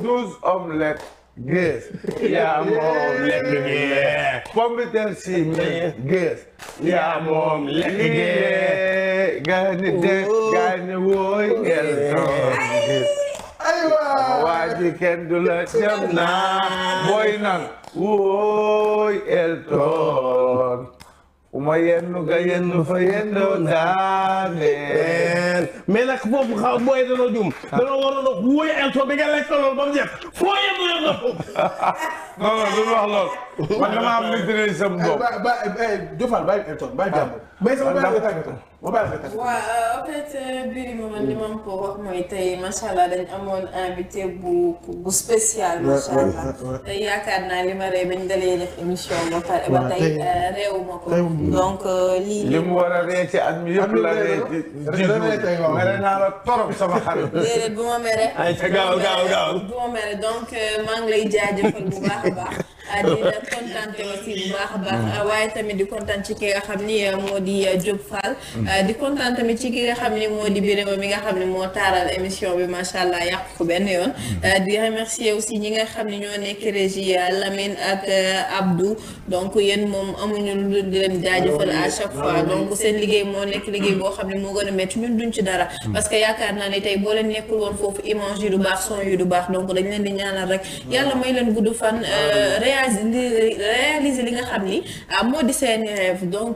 douze hommes lekk gées yaa moom lekk gée pomme de terre si mi gées yaa moom lekk gée gaani de gaani wooy gées waaji kenn du la jam naa booy nan wooy Elton uma yennu nga yennu fa yendoo daaneel mais nag foofu xaw booy danoo jum danoo waroon a wóoy elto bi nga lekk lool ba mu jeex foo yennu yennu non non du wax man damaa am maîtriser sa bopp. ba ba Jofal bàyyi Elton bàyyi jàmm. mais sama bàyyi la Elton ma bàyyi la Elton. waaw en fait Birima man li ma ko wax mooy tey macha allah dañ amoon invité bu bu spécial. macha allah tey yaakaar naa li ma rey bañ dalee def émission ba pare ba tey réew ma ko. donc lii. li mu war a ree ci at mi yëpp la ree ci. jiitu mere naa la torop sama xarit. déedéet bu ma mere. ay ca gaaw gaaw gaaw bu ma mere donc maa ngi lay jaajëfal bu baax a baax. di la a baax mm. ah, waaye tamit di kontaan ah, moo di ah, Diop Fall mm. kontaan tamit ci ki nga xam ni moo di Birima mi nga xam ne moo taaral émission bi macha allah yàq benn yoon mm. di remercier aussi ñi nga xam ni ñoo nekk régie Lamine ak Abdou donc yéen moom amuñu lu di leen jaajëfal à chaque fois donc seen liggéey moo nekk liggéey boo xam ne moo gën a métti ñun duñ ci dara parce que yaakaar naa ne tey boo leen nekkul woon foofu image yu du baax son yu du baax donc dañ leen di ñaanal rek yàlla may leen gudd fan Euh, réaliser li nga xam ni euh, moo di seen rêve donc